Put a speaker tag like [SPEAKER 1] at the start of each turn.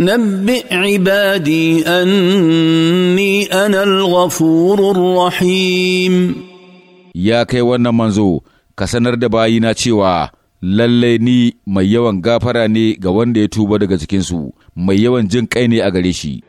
[SPEAKER 1] نبئ عبادي أني أنا الغفور الرحيم
[SPEAKER 2] يا كي wannan manzo ka sanar da bayina
[SPEAKER 3] cewa lallai ni mai yawan gafara ne ga wanda ya tuba daga cikinsu mai yawan jin kai ne a gare shi